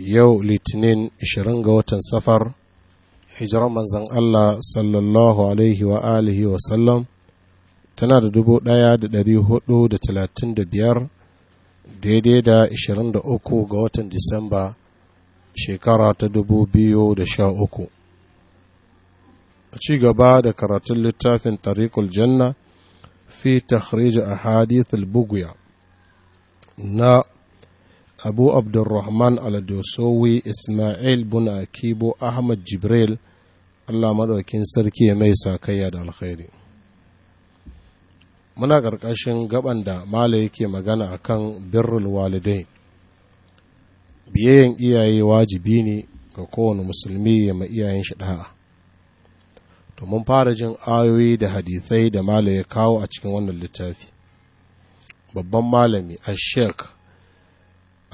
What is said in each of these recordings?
yau litinin 20 ga watan safar hijiran manzan Allah sallallahu alaihi wa alihi wa sallam tana da 1435 daidai da 23 ga watan disamba shekara ta 2013 a ci gaba da karatun littafin tariqul janna fi takhrij ahadith al Buguya na abu abdurrahman aladosowi ismail bin akibo ahmad jibril allah maɗaukin sarki ya mai sakayya da alkhairi muna ƙarƙashin gaban da mala yake magana a kan birrul walidai biyayyen iyaye wajibi ne ga kowane musulmi ya ma iyayen shi ɗa'a to mun fara jin ayoyi da hadisai da mala ya kawo a cikin wannan littafi babban malami sheikh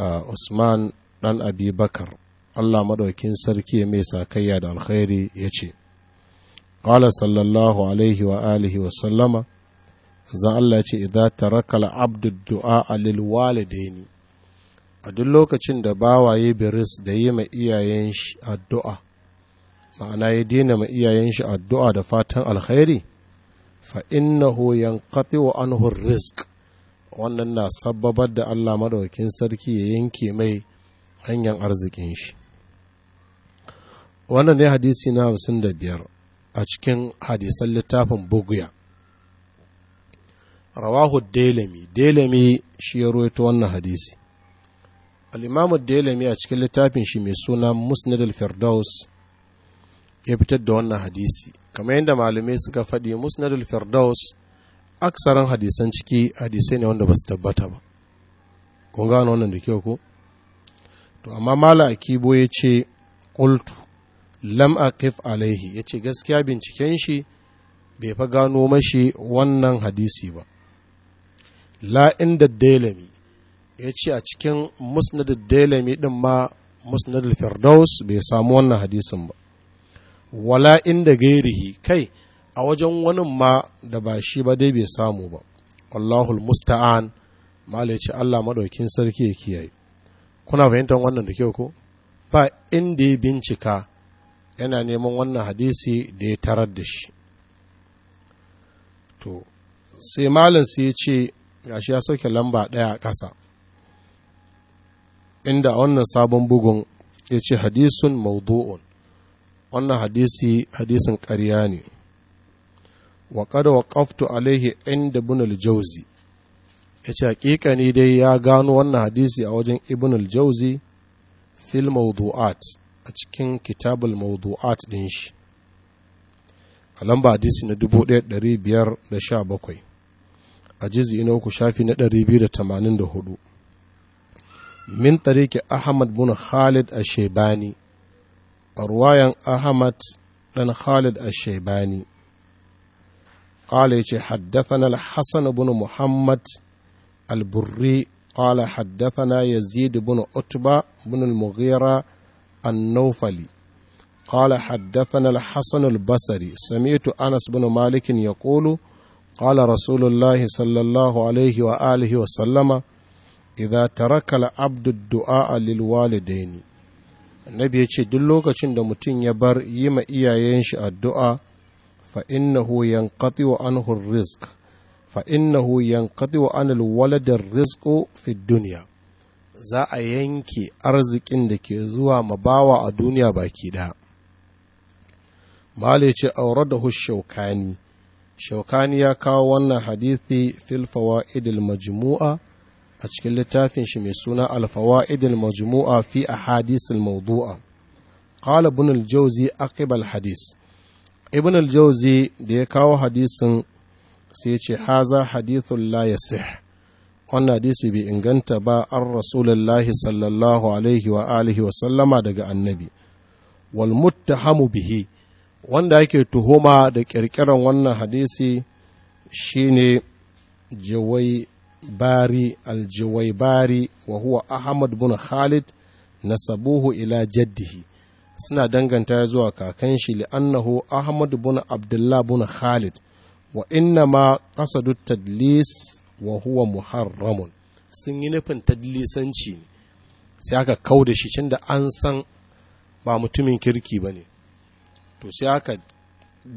usman ɗan abi bakar allah maɗaukin sarki mai sakayya da alkhairi ya ce ƙala sallallahu alaihi wa alihi wa sallama zan allah ce idan taraka abdu du'a lil walidaini a duk lokacin da bawaye biris da yi ma iyayen shi addu'a ma'ana ya dina ma iyayen shi addu'a da fatan alkhairi fa innahu yanqati wa anhu risk wannan na sababar da Allah madaukin sarki ya yanke mai hanyar arzikin shi wannan ne hadisi na hamsin da biyar a cikin hadisan littafin buguya rawahu delami delami shi ya ruwaito wannan hadisi al'imamu delami a cikin littafin shi mai suna musnad al-firdaus ya fitar da wannan hadisi kamar yadda malamai suka faɗi musnad al-firdaus aksaran hadisan ciki hadisai ne wanda ba su tabbata ba kun gano wannan da kyau ko to amma mala akibo ya ce Kultu lam aqif alaihi ya ce gaskiya binciken shi bai fa gano mashi wannan hadisi ba la inda dalami ya ce a cikin musnadul dalami din ma musnad firdaus bai samu wannan hadisin ba wala inda gairihi kai a wajen wani ma da ba shi ba dai bai samu ba wallahul musta'an malice Allah maɗaukin sarki ya kiyaye kuna fahimtar wannan da kyau ko ba inda ya bincika yana neman wannan hadisi da ya tarar da shi to sai malin sai ya ce gashi ya sauke lamba ɗaya a ƙasa inda a wannan sabon bugun ya ce hadisun maudu'un wannan hadisi hadisin ƙarya ne wa kada wa ƙaftu alaihi inda yace jauzi ya ce hakika ni dai ya gano wannan hadisi a wajen al jauzi fil mawdu'at a cikin kitabul mawdu'at din shi a lamba hadisi na 1517 a jizi na uku shafi na 284 min tariki ahmad bin khalid a shebani a ruwayan ahmad dan khalid a shebani قال يجي حدثنا الحسن بن محمد البري قال حدثنا يزيد بن عتبة بن المغيرة النوفلي قال حدثنا الحسن البصري سمعت أنس بن مالك يقول قال رسول الله صلى الله عليه وآله وسلم إذا ترك العبد الدعاء للوالدين النبي يجي دلوك چند متين يبر يما إيايين شي الدعاء fa innahu yanqati'u anhu ar-rizq fa innahu yanqati'u anil walad fi duniya, za a yanke arzikin da ke zuwa mabawa a duniya baki ɗaya. Mali ce auradahu shaukani, shaukani ya kawo wannan hadithi fil fawa'idil majmu'a a cikin littafin shi mai suna alfawa, fawaidil majmu'a fi ahadisil maudu'a. Qala ibn al-Jawzi aqibal hadis ibn al-jawzi da ya kawo hadisin sai ya ce haza hadithun la yasih wannan hadisi bai inganta ba an rasulullahi sallallahu alaihi wa alihi wa sallama daga annabi wal muttahamu bihi wanda yake tuhuma da kirkiran wannan hadisi shine jawai bari aljawai bari wa huwa ahmad bin khalid nasabuhu ila jaddihi suna danganta zuwa kakan shi li'annahu ahmad bin abdullah bin khalid wa inna ma qasadu tadlis wa huwa muharramun sun yi nufin tadlisanci ne sai aka kau da shi tunda an san ba mutumin kirki ba ne to sai aka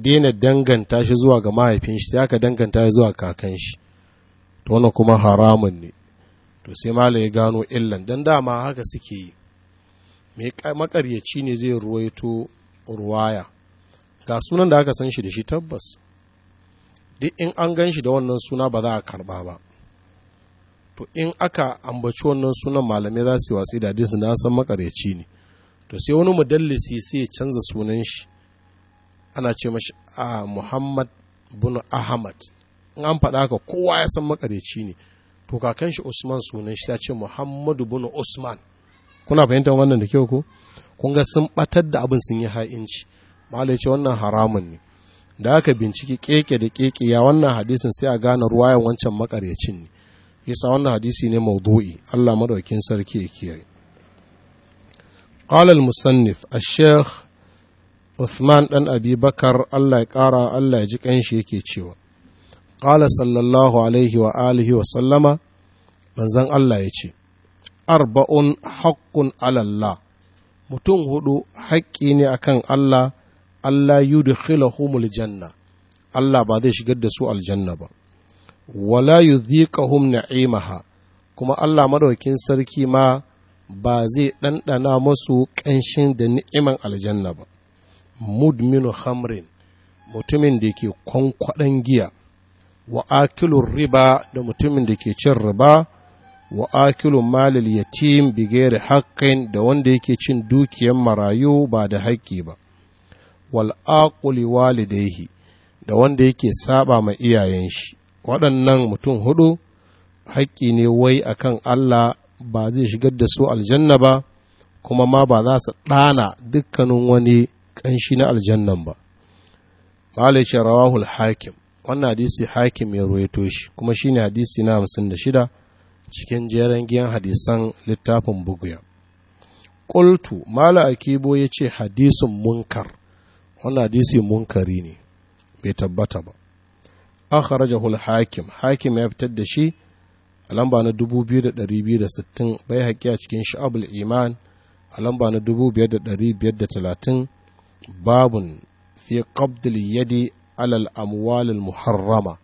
daina danganta shi zuwa ga mahaifin shi sai aka danganta shi zuwa kakan shi to wannan kuma haramun ne to sai malai ya gano illan dan dama haka suke yi Mai makaryaci ne zai ruwaito ruwaya ga sunan da aka san shi da shi tabbas duk in an gan shi da wannan suna ba za a karba ba to in aka ambaci wannan sunan malamai za su yi watsi da hadisi na san makaryaci ne to sai wani mudallisi sai canza sunan shi ana ce mashi a muhammad bin ahmad in an faɗa haka kowa ya san makaryaci ne to kakan shi usman sunan shi ta ce muhammadu bin usman kuna fahimtar wannan da kyau ko kun ga sun batar da abin sun yi ha'inci malai ce wannan haramun ne da aka bincike keke da keke ya wannan hadisin sai a gane ruwayan wancan makaryacin ne yasa wannan hadisi ne maudu'i Allah madaukin sarki ya kiyaye al-musannif المصنف sheikh Uthman dan Abi Bakar Allah ya ƙara Allah ya ji ƙanshi yake cewa, Ƙala sallallahu alaihi wa alihi wa sallama, manzan Allah ya ce, arba'un haƙƙun alallah mutum hudu haƙƙi ne akan Allah Allah yudkhilahumul janna Allah ba zai shigar da su aljanna ba wala yudhiqahum na'imaha kuma Allah madaukin sarki ma ba zai ɗanɗana masu ƙanshin da ni'iman aljanna ba mudminu hamrin mutumin da ke kwankwaɗan giya wa akilun riba da mutumin da ke cin riba wa akilu malil yatim bigere haƙƙin da wanda yake cin dukiyar marayu ba da haƙƙi ba wal aquli walidaihi da wanda yake saba ma iyayen shi waɗannan mutum hudu haƙƙi ne wai akan Allah ba zai shigar da su aljanna ba kuma ma ba za su ɗana dukkanin wani ƙanshi na aljanna ba malice rawahul hakim wannan hadisi hakim ya ruwaito shi kuma shine hadisi na hamsin da shida cikin jeren giyan hadisan littafin buguya ƙultu mala akibo ya ce hadisun munkar wannan hadisi munkari ne bai tabbata ba akharajahu hakim hakim ya fitar da shi a lamba na 2260 bai haƙi a cikin sha'abul iman a lamba na 5530 babun fi qabdil yadi alal amwalil muharrama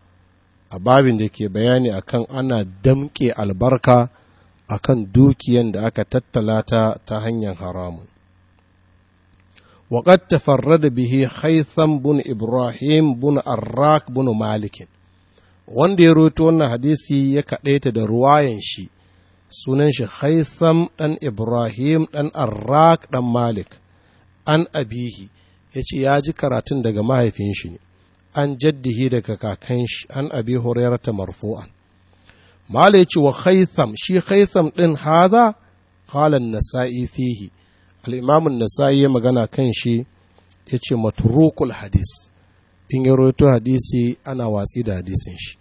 a babin da ke bayani akan ana damƙe albarka akan dukiyan da aka tattala ta ta hanyar haramun farra da bihi هيثم بن Ibrahim, بن الراك بن Malikin, wanda ya roto wannan hadisi ya kaɗaita da ruwayan shi sunan shi haitham ɗan ibrahim ɗan arrak ɗan malik an abihi ya ce ya ji karatun daga mahaifin shi ne an jaddihi daga kakan shi an abi hurairata marfu'an mala yace wa khaytham shi khaytham din haza qala an-nasa'i fihi al-imam an-nasa'i ya magana kan shi yace matrukul hadis in ya rawaito hadisi ana watsi da hadisin shi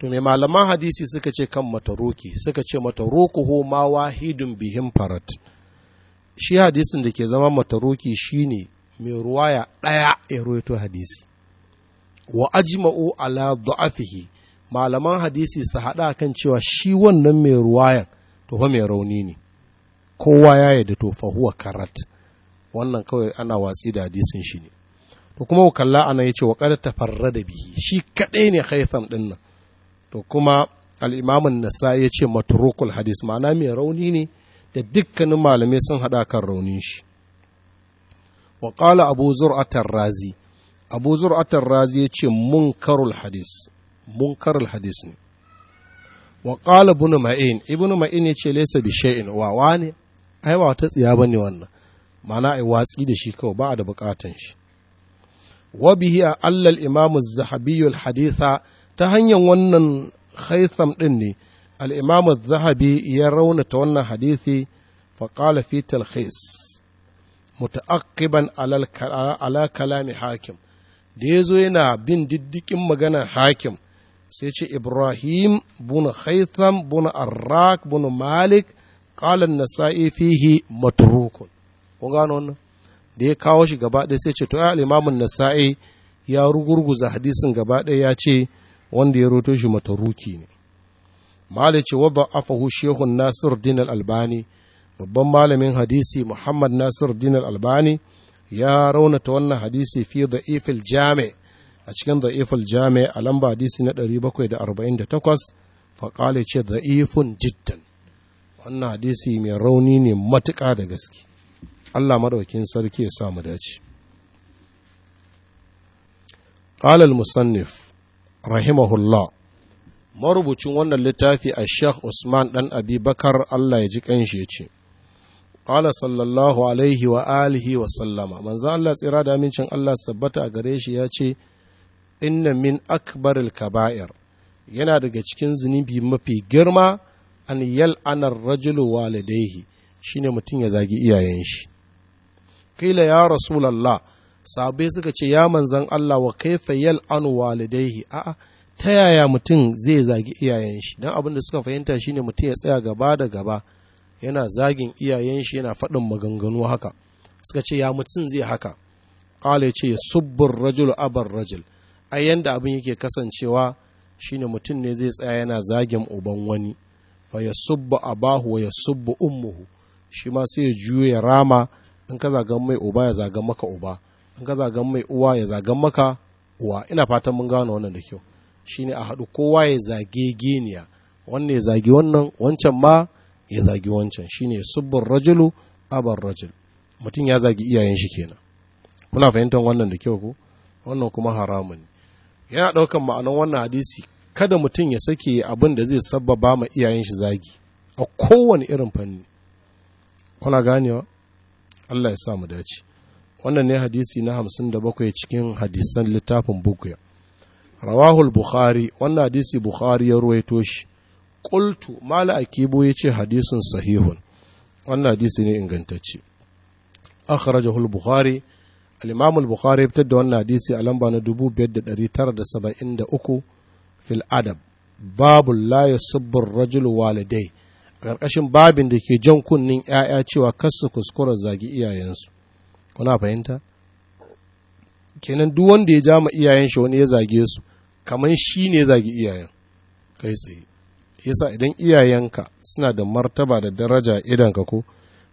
to mai malaman hadisi suka ce kan mataruki suka ce matarukuhu ma wahidun bihim farat shi hadisin da ke zama mataruki shine mai ruwaya ɗaya ya rawaito hadisi wa ajma'u ala da'afihi malaman hadisi su haɗa kan cewa shi wannan mai ruwayan to fa mai rauni ne kowa ya yarda to fa huwa karat wannan kawai ana watsi da hadisin shi ne to kuma wakalla ana yace wa qad tafarrada bihi shi kaɗai ne haitham din nan to kuma al-imam an-nasa'i yace matrukul hadis ma'ana mai rauni ne da dukkanin malamai sun haɗa kan raunin shi wa qala abu zur'at razi abu zur'atar razi ya ce munkarul hadis munkarul hadis ne wa qala ibn ma'in ibn ma'in yace laysa bi shay'in wa wani ai ba wata tsiya bane wannan ma'ana ai watsi da shi kawai ba da bukatan shi wa bihi alla al imam az-zahabi al haditha ta hanyar wannan haitham din ne al imam az-zahabi ya raunata wannan hadisi fa qala fi talkhis muta'aqiban ala ala kalami hakim da ya zo yana bin diddikin maganar hakim sai ce ibrahim bunu haitham bunu arrak bunu malik kalan nasa'i fihi matrukun kun gano wannan da ya kawo shi gaba ɗaya sai ce to al'imamin nasa'i ya rugurguza hadisin gaba ɗaya ya ce wanda ya roto shi mataruki ne malik ce wadda afahu shehun nasir din albani babban malamin hadisi muhammad nasir din albani ya raunata wannan hadisi fi ifil jami a cikin da ifil jami a lamba hadisi na 748 faƙali ce da ifin jiddan wannan hadisi mai rauni ne matuƙa da gaske Allah maɗaukin sarki ya samu dace قال musannif rahimahullah marubucin wannan littafi a sheikh usman ɗan abi bakar allah ya ji kanshi ya ce qala sallallahu alaihi wa alihi wa sallama manzan Allah tsira da amincin Allah sabbata a gare shi ya ce inna min akbaril kaba'ir yana daga cikin zunubi mafi girma an yal'anar rajulu walidaihi shine mutum ya zagi iyayen shi kila ya rasulallah sabai suka ce ya manzan Allah wa kaifa anu walidaihi a'a ta yaya mutum zai zagi iyayen shi dan abin da suka fahimta shine mutum ya tsaya gaba da gaba yana zagin iyayen shi yana faɗin maganganu haka suka ce ya mutum zai haka ƙala ce ya subbin rajul abar rajul a yanda abin yake kasancewa shine mutum ne zai tsaya yana zagin uban wani fa ya subba abahu wa ya subba ummuhu shi ma sai ya juya rama in ka zagan mai uba ya zagan maka uba in ka zagan mai uwa ya zagan maka uwa ina fatan mun gano wannan da kyau shine a haɗu kowa ya zage geniya wannan ya zage wannan wancan ma ya zagi wancan shine subbur rajulu abar rajul mutum ya zagi iyayen shi kenan kuna fahimtar wannan da kyau ko wannan kuma haramun ne yana ɗaukan ma'anar wannan hadisi kada mutum ya sake abin da zai sabbaba ma iyayen shi zagi a kowane irin fanni kuna ganewa Allah ya sa mu dace wannan ne hadisi na hamsin da bakwai cikin hadisan littafin bukuya rawahul bukhari wannan hadisi bukhari ya ruwaito shi qultu mala akibo yace hadisin sahihun wannan hadisi ne ingantacce akhrajahu al-bukhari al-imam al ya fitar da wannan hadisi a lamba na 5973 fil adab babu la yasubbu ar-rajulu walidai ƙarƙashin babin da ke jan kunnin 'ya'ya cewa kasu kuskura zagi iyayensu kuna fahimta kenan duk wanda ya jama iyayen shi wani ya zage su kamar shi ne zagi iyayen kai tsaye yasa idan iyayenka suna da martaba da daraja idanka ko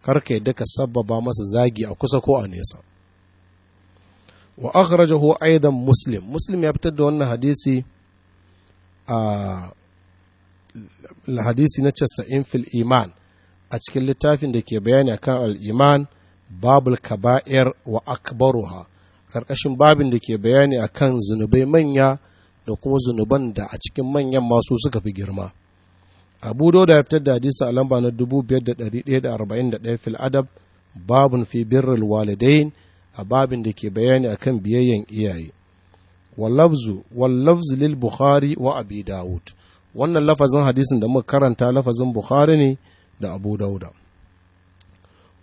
karka yadda ka sabbaba masa zagi a kusa ko a nesa wa akhrajahu aidan muslim muslim ya fitar da wannan hadisi a hadisi na casa'in fil iman a cikin littafin da ke bayani akan al-iman babul kaba'ir wa akbaruha karkashin babin da ke bayani akan zunubai manya da kuma zunuban da a cikin manyan masu suka fi girma abu ya fitar da hadisi a lamba na 5141 fil adab babun fi birrul walidain a babin da ke bayani a kan biyayyen iyaye wallafzu wallafzu lil bukhari wa abi dawud wannan lafazin hadisin da muka karanta lafazin bukhari ne da abu dauda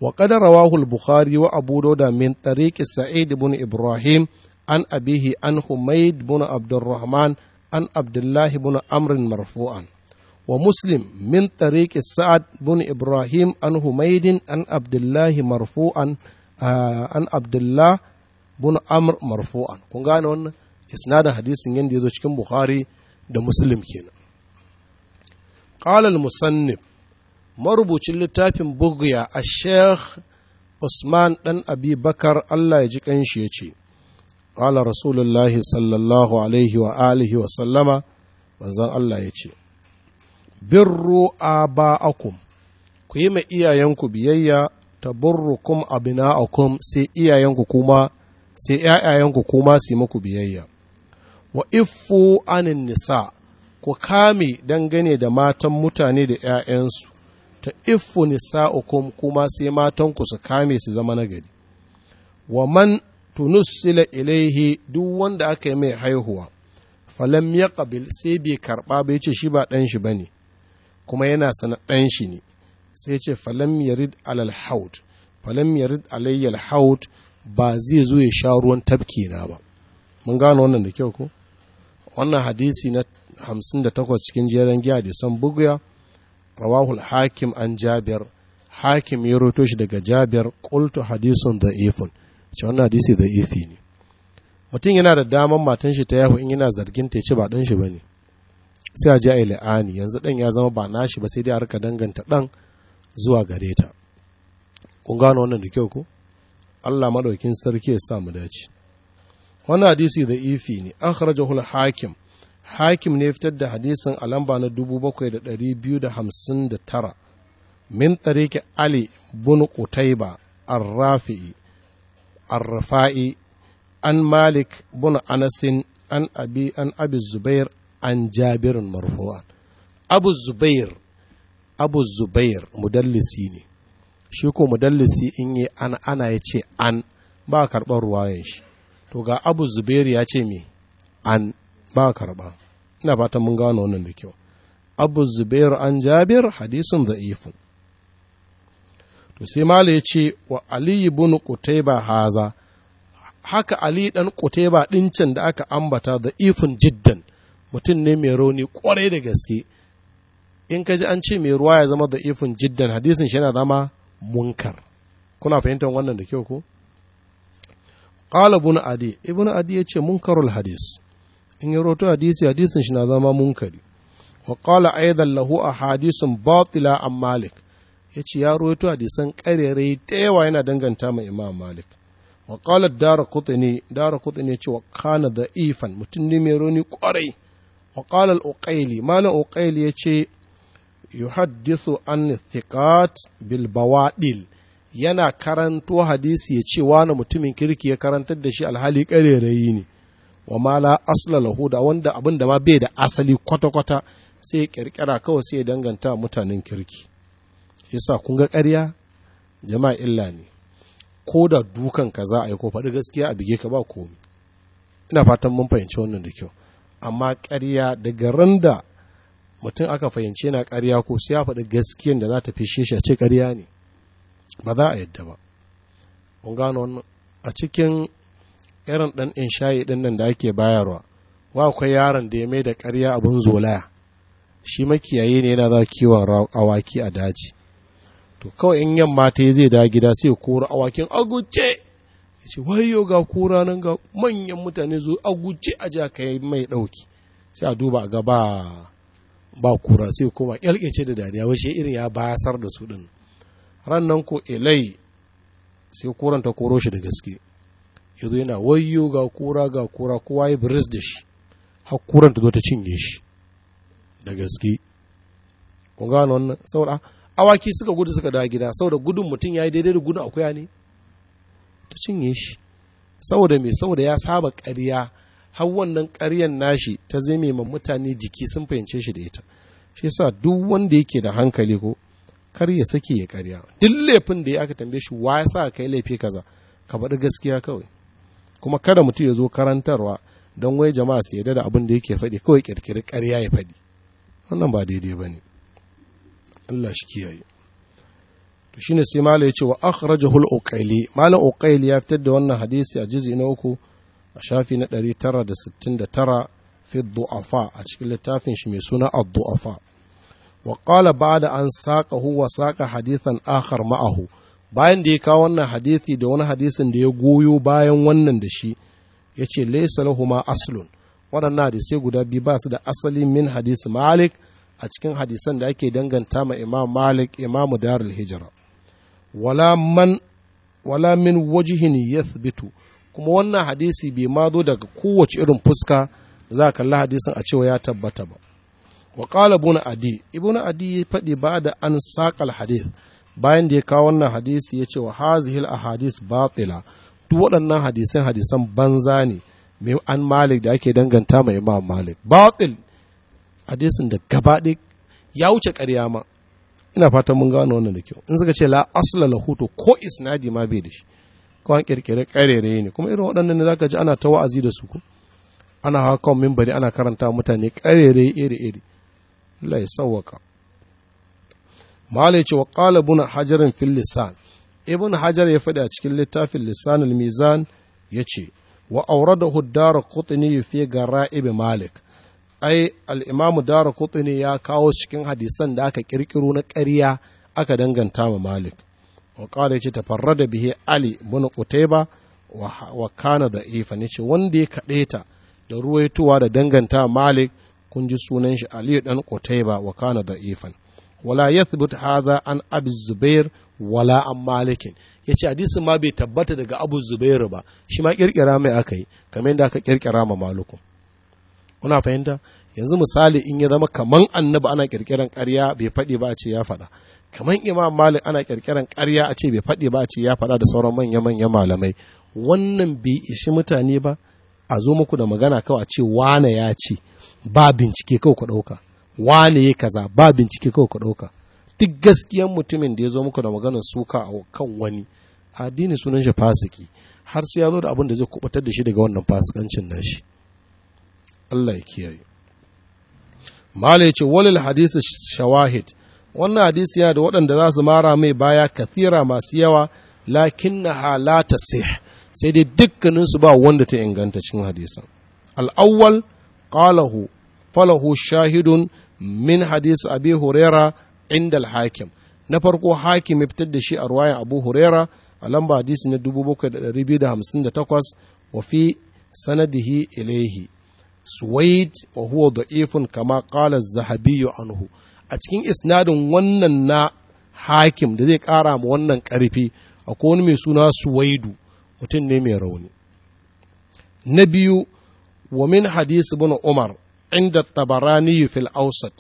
wa qad rawahu al bukhari wa abu dauda min tariqi sa'id ibn ibrahim an abihi an humayd ibn abdurrahman an abdullah ibn amr marfu'an wa من min سعد sa'ad bin ibrahim حميد عن عبد الله مرفوعا عن عبد kun gane wannan isnadin hadisin yanda yazo cikin Bukhari da Muslim kenan qala al-musannif marubucin littafin Bughya al-Sheikh Usman Ɗan Abi Bakar Allah ya ji kanshi yace qala rasulullahi sallallahu alaihi wa alihi wa sallama manzon Allah yace birru baakum ku yi ma iyayenku biyayya ta burru taburrukum abina'akum sai iyayenku kuma sai ‘ya'yayenku kuma su muku biyayya. Wa ifu anin nisa, ku kame dangane da matan mutane da ‘ya'yansu, ta nisa nisa'ukum kuma sai matanku su kame su zama nagari. Wa man tunussila ilaihi duk wanda aka yi mai haihuwa, falam ya ƙabil sai bai karɓa bai ce shi ba ɗan shi ba ne, kuma yana sana shi ne sai ce falam yarid alal haut falam yarid alayyal haut ba zai zo ya sha ruwan tafki na ba mun gano wannan da kyau ko wannan hadisi na 58 cikin jeren giya da san buguya rawahul hakim an jabir hakim ya roto shi daga jabir qultu hadisun da'ifun ce wannan hadisi da'ifi ne mutum yana da damar matan shi ta yahu in yana zargin ta ce ba dan shi bane sai a ji a la'ani yanzu ɗan ya zama ba nashi ba sai dai a rika danganta ɗan zuwa gare ta kun gano wannan da kyau ku Allah maɗaukin sarki ya sa mu dace wannan hadisi da ifi ne an kharajahul hakim hakim ne fitar da hadisin a lamba na 7259 min tariki ali bin qutayba ar-rafi'i ar-rafa'i an malik bin anasin an abi an abi zubair an jabirin marfu'an abu zubair abu zubair mudallisi ne shi ko mudallisi in yi ana ana ce an ba karɓar ruwayen shi to ga abu zubair ya ce me an ba karɓa ina fatan mun gano wannan da kyau abu zubair an jabir hadisin da'ifun to sai mala ya ce wa ali ibn qutayba haza haka ali dan qutayba can da aka ambata za'ifin jiddan mutum ne mai rauni kwarai da gaske in ka ji an ce mai ruwa ya zama da ifin jiddan hadisin shi yana zama munkar kuna fahimtar wannan da kyau ko qala ibn adi ibn adi ya ce munkarul hadis in ya roto hadisi hadisin shi na zama munkari wa qala aidan a ahadithun batila a malik Ya yace ya roto hadisan karere da yawa yana danganta ma imam malik wa qala ad-darqutni ya yace wa kana ifan mutum ne mai rauni kwarai wa qala al-uqayli malam uqayli yace yuhaddithu an yana karanto hadisi ya ce wani mutumin kirki ya karantar da shi alhali ƙarerayi ne wa ma asla lahu da wanda abin da ma bai da asali kwata-kwata sai ƙirƙira kawai sai danganta mutanen kirki yasa kun ga ƙarya jama'a illa ne ko da dukan ka za a yi ko faɗi gaskiya a bige ka ba komi ina fatan mun fahimci wannan da kyau amma ƙarya daga randa da mutum aka fahimci yana ƙarya ko sai ya faɗi gaskiyan da za ta fishe shi a ce ƙarya ne ba za a yadda ba mun gano wannan a cikin irin ɗan in shayi ɗin nan da ake bayarwa wa akwai yaron da ya mai da ƙarya abin zolaya shi makiyayi ne yana za kiwon awaki a daji to kawai in yamma ta zai da gida sai kora awakin aguce ce wayo ga kura nan ga manyan mutane zo a guje a ja ka yi mai ɗauki sai a duba ga ba ba kura sai kuma kyalkece da dariya wace irin ya basar da su ɗin ran nan ko ilai sai kuran ta koro shi da gaske yanzu yana wayo ga kura ga kura kowa ya biris da shi har kuran ta zo ta cinye shi da gaske kun gano wannan saboda awaki suka gudu suka dawo gida saboda gudun mutum ya yi daidai da gudun akuya ne cinye shi saboda me saboda ya saba ƙarya har wannan ƙaryan nashi ta zame ma mutane jiki sun fahimce shi da ita shi yasa duk wanda yake da hankali ko kar ya sake ya ƙarya duk laifin da ya aka tambaye shi wa yasa kai laifi kaza ka faɗi gaskiya kawai kuma kada mutum ya zo karantarwa don wai jama'a su yarda da abin da yake faɗi kawai kirkiri ƙarya ya faɗi wannan ba daidai ba ne Allah shi kiyaye to shine sai mala ya ce wa akhrajahul uqayli malam uqayli ya fitar da wannan hadisi a jizi na uku a shafi na 969 fi du'afa a cikin littafin shi mai suna ad-du'afa wa qala ba'da an saqa huwa saqa hadithan akhar ma'ahu bayan da ya kawo wannan hadisi da wani hadisin da ya goyo bayan wannan da shi ya ce laysa lahumu aslun waɗannan hadisai guda biyu ba su da asali min hadisi malik a cikin hadisan da ake danganta ma imam malik imamu darul hijira wala man wala min wajihin yathbitu kuma wannan hadisi bai ma zo daga kowace irin fuska da za kalli hadisin a cewa ya tabbata ba wa qala ibn adi ibn adi ya faɗi ba da an saqal hadith bayan da ya kawo wannan hadisi ya ce wa hazihil ahadis batila duk waɗannan hadisan hadisan banza ne mai an malik da ake danganta mai imam malik batil hadisin da gaba ya wuce ƙarya ma ina fatan mun gano wannan da kyau in suka ce la asla lahu hutu ko isnadi ma bai da shi kawai kirkire karere ne kuma irin waɗannan ne zaka ji ana ta wa'azi da su ko ana haka kan ana karanta mutane karere iri iri Allah ya malai ce wa qala buna hajarin fil lisan ibn hajar ya faɗi a cikin littafin lisanul mizan yace wa awradahu dar qutni fi gara'ib malik ai al'imamu dara ne ya kawo cikin hadisan da aka kirkiro na ƙarya aka danganta ma malik wa ƙara ce farra da bihe ali bin ba wa kana da ifa ne ce wanda ya kaɗeta da ruwaituwa da danganta malik kun ji sunan shi ali dan ba wa kana da ifan wala yathbut haza an abu zubair wala an malikin Ya ce hadisin ma bai tabbata daga abu zubair ba shi ma ƙirƙira mai aka yi kamar yadda aka ƙirƙira ma malikun kuna fahimta yanzu misali in ya zama kaman annabi ana kirkiran ƙarya bai faɗi ba a ce ya faɗa kaman imam malik ana kirkiran ƙarya a ce bai faɗi ba a ce ya faɗa da sauran manya manya malamai wannan bai ishi mutane ba a zo muku da magana kawai a ce wane ya ce ba bincike kawai ku ɗauka wane ya kaza ba bincike kawai ku ɗauka duk gaskiyan mutumin da ya zo muku da maganar suka a kan wani addini sunan shi fasiki har sai ya zo da abin da zai kubutar da shi daga wannan fasikancin nashi shi Allah ya kiyaye mala ya ce walil hadisi shawahid wannan hadisi yana da waɗanda za su mara mai baya kathira masu yawa lakin na halata sih sai dai dukkaninsu ba wanda ta inganta cikin hadisan al'awwal qalahu falahu shahidun min hadisi abi huraira inda hakim na farko hakim ya fitar da shi a ruwayan abu huraira a lamba hadisi na 7258 wa fi sanadihi ilaihi suwaid wa huwa da'ifun kama qala zahabiyu anhu a cikin isnadin wannan na hakim da zai kara ma wannan karfi akwai wani mai suna suwaidu mutum ne mai rauni na biyu wa min hadisi bin umar inda tabarani fil ausat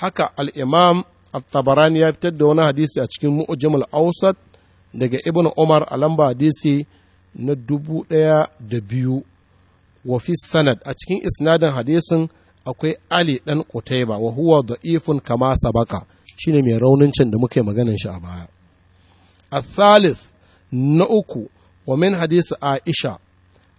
haka al-imam at-tabarani ya fitar da wani hadisi a cikin mu'jam al-ausat daga ibn umar a lamba hadisi na dubu ɗaya da biyu wa fi sanad a cikin isnadin hadisin akwai ali dan kutaiba wa huwa da'ifun kama sabaka shine mai raunin can da muke maganin shi a baya A الثالث na uku wa min hadisi aisha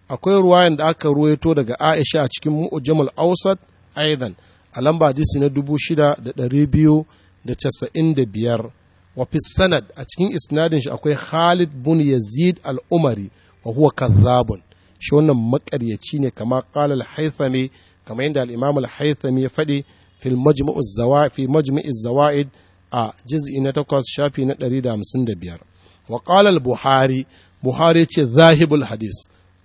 akwai ruwayan da aka ruwaito daga aisha a cikin mu'jamul awsat aidan a lamba hadisi na 6295 wa fi sanad a cikin isnadin shi akwai khalid bin yazid al-umari wa huwa kazzabun shi wannan makaryaci ne kama kala al-haythami kama yadda al-imam al-haythami ya faɗi fil majmu'u zawaid fi majmu'i zawaid a juz'i na 8 shafi na 155 wa qala al-buhari buhari ce zahibul hadis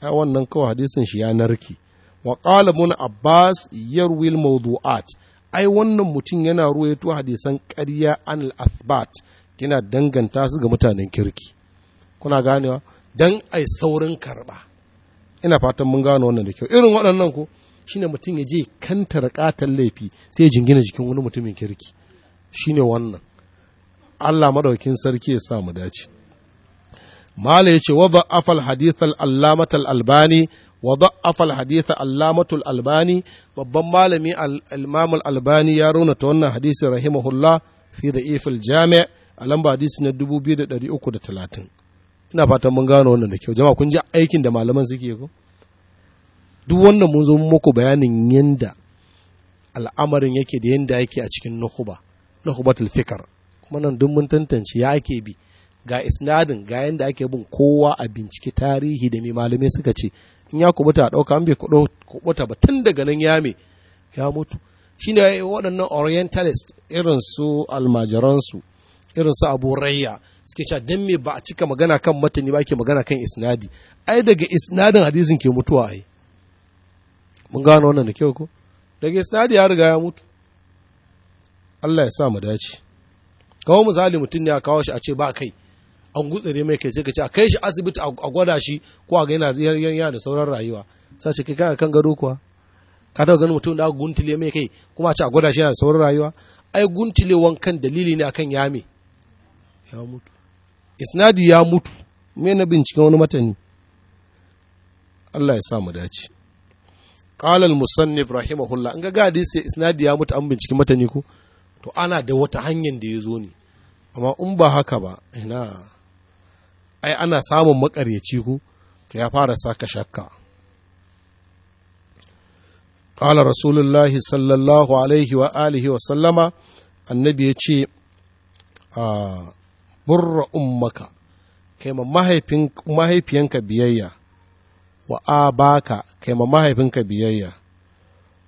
ai wannan kawai hadisin shi ya narki wa qala mun abbas yarwi al-mawdu'at ai wannan mutum yana ruwaito hadisan ƙarya an al yana danganta su ga mutanen kirki kuna ganewa dan ai saurin karba ina fatan mun gano wannan da kyau irin waɗannan ko shine mutum ya je kantar katar laifi sai jingina jikin wani mutumin kirki shine wannan Allah madaukin sarki ya sa mu dace mala yace ce afal al-hadith al albani wa afal al-hadith albani babban malami al albani ya ta wannan hadisi rahimahullah fi da'if al-jami' a lamba hadisi na 2330 ina fatan mun gano wannan da kyau jama'a kun ji aikin da malaman suke ko duk wannan mun zo muku bayanin yanda al'amarin yake da yanda yake a cikin nuhuba nuhubatul fikar kuma nan duk mun tantance ya ake bi ga isnadin ga yanda ake bin kowa a bincike tarihi da mai malamai suka ce in ya kubuta a ɗauka an bai kubuta ba tun daga nan ya mai ya mutu shine waɗannan orientalist irin su almajiransu irin su abu rayya suke cewa dan me ba a cika magana kan matani ba ake magana kan isnadi ai daga isnadin hadisin ke mutuwa ai mun gano wannan da kyau ko daga isnadi ya riga ya mutu Allah ya sa mu dace kawo misali mutum ne a kawo shi a ce ba kai an gutsare mai kai sai ka ce a kai shi asibiti a gwada shi ko a ga yana yan da sauran rayuwa sai ce kai kana kan gado kuwa ka ta gani mutum da aka guntule mai kai kuma a ce a gwada shi yana da sauran rayuwa ai guntulewan kan dalili ne akan yami ya mutu isnadi ya mutu me na binciken wani matani Allah ya sa mu dace qala al musannif rahimahullah an ga ga sai isnadi ya mutu an binciki matani ko to ana da wata hanyar da ya zo ne amma in ba haka ba ina ai ana samun makaryaci ku? to ya fara saka shakka Ƙalar rasulullahi sallallahu alaihi wa alihi wa sallama annabi ya ce ah, burra ummaka kai ma mahaifiyanka biyayya wa abaka kai ma mahaifinka biyayya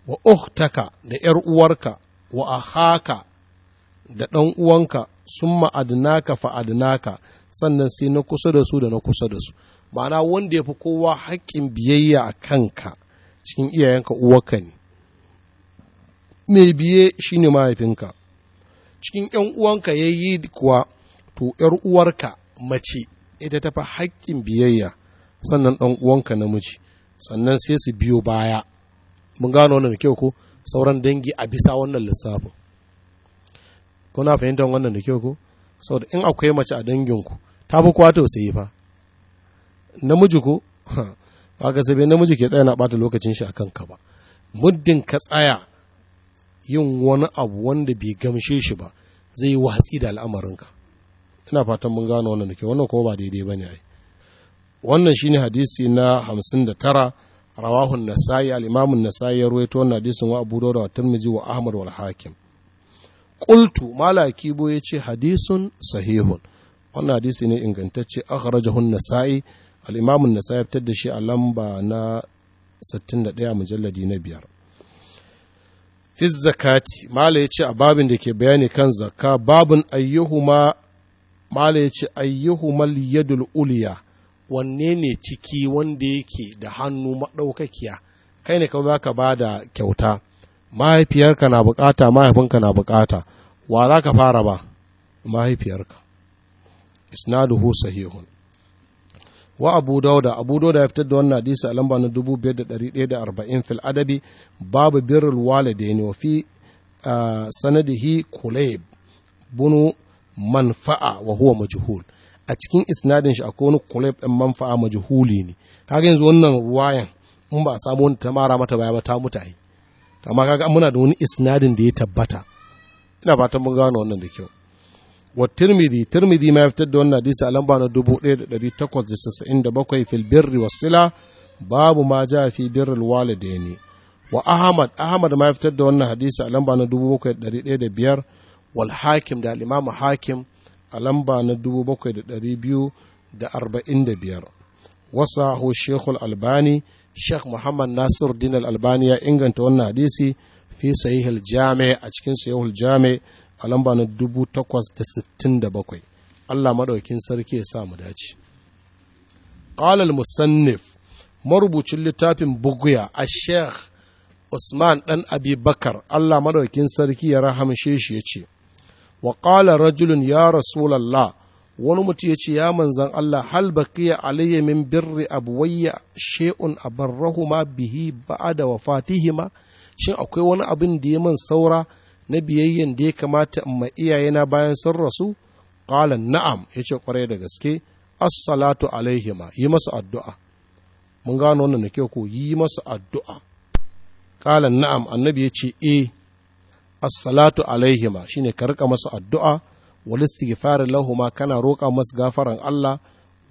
wa uhtaka da ‘yar uwarka wa ahaka da ɗan uwanka sun ma'adinaka fa'adinaka sannan sai na kusa da su da na kusa da su ma'ana wanda ya fi kowa haƙƙin biyayya a kanka cikin iyayenka uwarka ne mai biye shi ne mahaifinka cikin ‘yan uwanka ya yi kuwa to ‘yar uwarka mace ita tafi haƙƙin biyayya sannan ɗan uwanka namiji sannan sai su biyo baya mun gano wannan kyau ko sauran dangi a bisa wannan lissafin kuna fahimtar wannan da kyau ko saboda in akwai mace a danginku ta fi kwato sai fa namiji ko ba ka sabi namiji ke tsaya na bata lokacin shi akan ka ba muddin ka tsaya yin wani abu wanda bai gamshe shi ba zai yi watsi da al'amarinka ina fatan mun gano wannan da ke wannan ko ba daidai ba ne wannan shine hadisi na hamsin da tara rawahun Nasayi, al'imamun nasayi ya ruwaito wannan hadisin wa abu dora wa Mizi wa ahmad wal hakim qultu malaki bo ya ce hadisun sahihun wannan hadisi ne ingantacce akhrajahu Nasayi, nasai Nasayi ya fitar da shi a lamba na 61 mujalladi na biyar fi zakati mala ce a babin da ke bayani kan zakka ayyuhu ma. mala ya ce ayyuhumal yadul uliya wanne ne ciki wanda yake da hannu maɗaukakiya kai ne kawai za ka ba da kyauta mahaifiyarka na bukata mahaifinka na bukata wa za ka fara ba mahaifiyarka isnaduhu sahihun wa abu dauda abu dauda ya fitar da wannan hadisi a lamba na 5140 fil adabi babu birrul walidaini wa fi ah, sanadihi kulayb bunu manfa'a wa huwa majhul a cikin isnadin shi akwai wani kulab ɗin manfa'a majhuli ne kaga yanzu wannan ruwayan in ba a samu wani ta mara mata baya ba ta mutaye amma kaga muna da wani isnadin da ya tabbata ina fatan mun gano wannan da kyau wa tirmidhi tirmidhi ma fitar da wannan hadisi a lamba na 1897 fil birri was sila babu ma ja fi birrul walidaini wa ahmad ahmad ma fitar da wannan hadisi a lamba na biyar. wal hakim da al'imamu hakim a lamba na 7,245 wasa ho shekul albani sheikh muhammad nasir din albani ya inganta wannan hadisi fi sahihul jami a cikin sahihul jami a lamba na 867 Allah madaukin sarki ya sa mu dace qala musannif marubucin littafin buguya a sheikh Usman dan Abi Bakar, Allah madaukin sarki ya rahamshe shi ya ce, wa qala rajulun ya rasulallah wani mutum ya ce ya manzan Allah hal baqiya alayya min birri Abuwayya, She’un, abarrahuma bihi wa Fatihima. shin akwai wani abin da ya man saura na biyayyen da ya kamata in ma iyayena bayan sun rasu qala na'am yace kwarai da gaske assalatu salatu alaihima yi masa addu'a mun gano wannan na kyau ko yi masa addu'a qala na'am annabi yace eh as-salatu alaihima shine ka rika masu addu'a wal istighfar lahuma kana roƙa masu gafaran Allah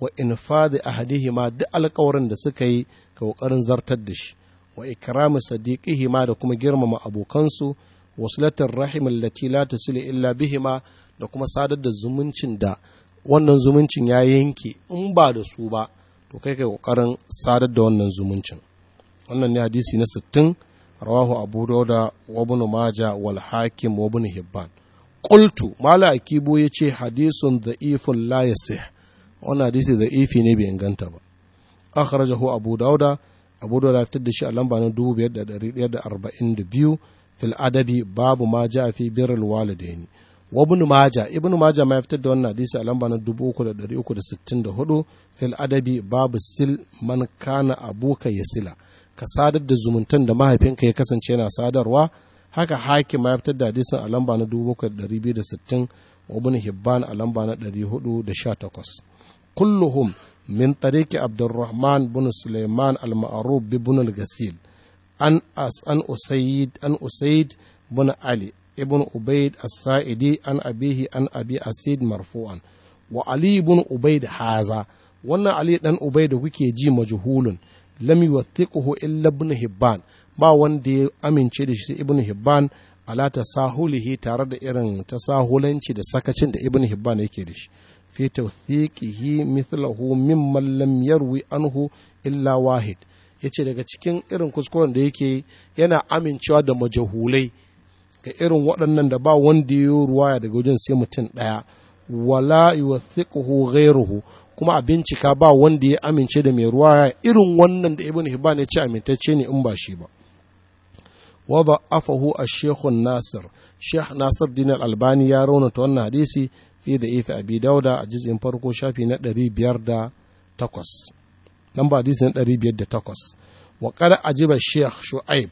wa infadi ahadihima duk alƙawarin da suka yi ka ƙoƙarin zartar da shi wa ikramu sadiqihima da kuma girmama abokansu wasulatar rahim allati la tasilu illa bihima da kuma sadar da zumuncin da wannan zumuncin ya yanke in ba da su ba to kai kai ƙoƙarin sadar da wannan zumuncin wannan ne hadisi na sittin. rawahu abu dauda wa maja wal hakim wa ibn hibban qultu mala akibo yace hadisun da'ifun la yasih wannan hadisi da'ifi ne bai inganta ba akhrajahu abu dauda abu dauda ya fitar da shi a lamba na 2142 fil adabi babu ma ja fi birrul walidaini wa maja ibn maja ma ya fitar da wannan hadisi a lamba na 3364 fil adabi babu sil man kana abuka yasila sila ka sadar da zumuntan da mahaifinka ya kasance yana sadarwa haka hakim ya fitar da hadisin a lamba na 7260 wa ibn hibban a lamba na 418 kulluhum min tariqi abdurrahman bin sulaiman al-ma'ruf bin al-gasil an as an usayd an usayd bin ali ibn ubayd as-sa'idi an abihi an abi asid marfu'an wa ali bin ubaid haza wannan ali dan ubayd da kuke ji majhulun lam yuwathiquhu illa ibn hibban ba wanda ya amince da shi sai ibn hibban ala tasahulihi tare da irin tasahulanci da sakacin da ibn hibban yake da shi fi tawthiqihi mithluhu mimman lam yarwi anhu illa wahid yace daga cikin irin kuskuren da yake yana amincewa da majahulai ga irin waɗannan da ba wanda ya ruwaya daga wajen sai mutum ɗaya wala yuwathiquhu ghayruhu kuma a bincika ba wanda ya amince da mai ruwaya irin wannan da ibn hibban ya ce amintacce ne in ba shi ba wada afahu a shekun nasir shekh nasir dinar albani ya raunata wannan hadisi fi da ife abi dauda a jizin farko shafi na 508 lamba hadisi na 508 wa kada ajiba shekh shu'aib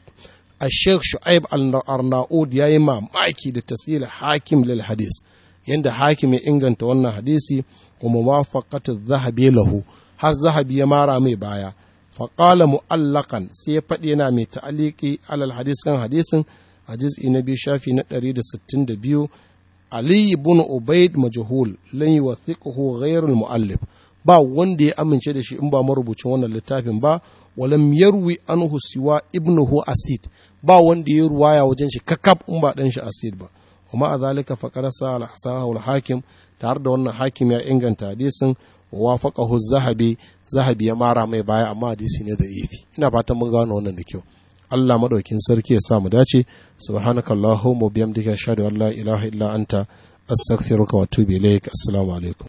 a shekh shu'aib al-arnaud ya yi mamaki da tasiri hakim lil hadis yadda hakim ya inganta wannan hadisi kuma mafaqatu zahabi lahu har zahabi ya mara mai baya faƙala mu'allakan sai ya faɗi yana mai ta'aliki alal hadis kan hadisin a na biyu shafi na 162 ali ibn ubaid majhul lan yuwathiquhu ghayr al mu'allif ba wanda ya amince da shi in ba marubucin wannan littafin ba walam yarwi anhu siwa ibnuhu asid ba wanda ya ruwaya wajen shi kakab in ba dan shi asid ba kuma a zalika faƙarsa al-sahawul hakim tare da wannan hakim ya inganta hadisin wa faqahu zahabi zahabi ya mara mai baya amma hadisi ne da ifi ina fatan mun gano wannan da kyau Allah maɗaukin sarki ya sa mu dace subhanakallahumma bihamdika ashhadu an la ilaha illa anta astaghfiruka wa atubu ilaik assalamu alaikum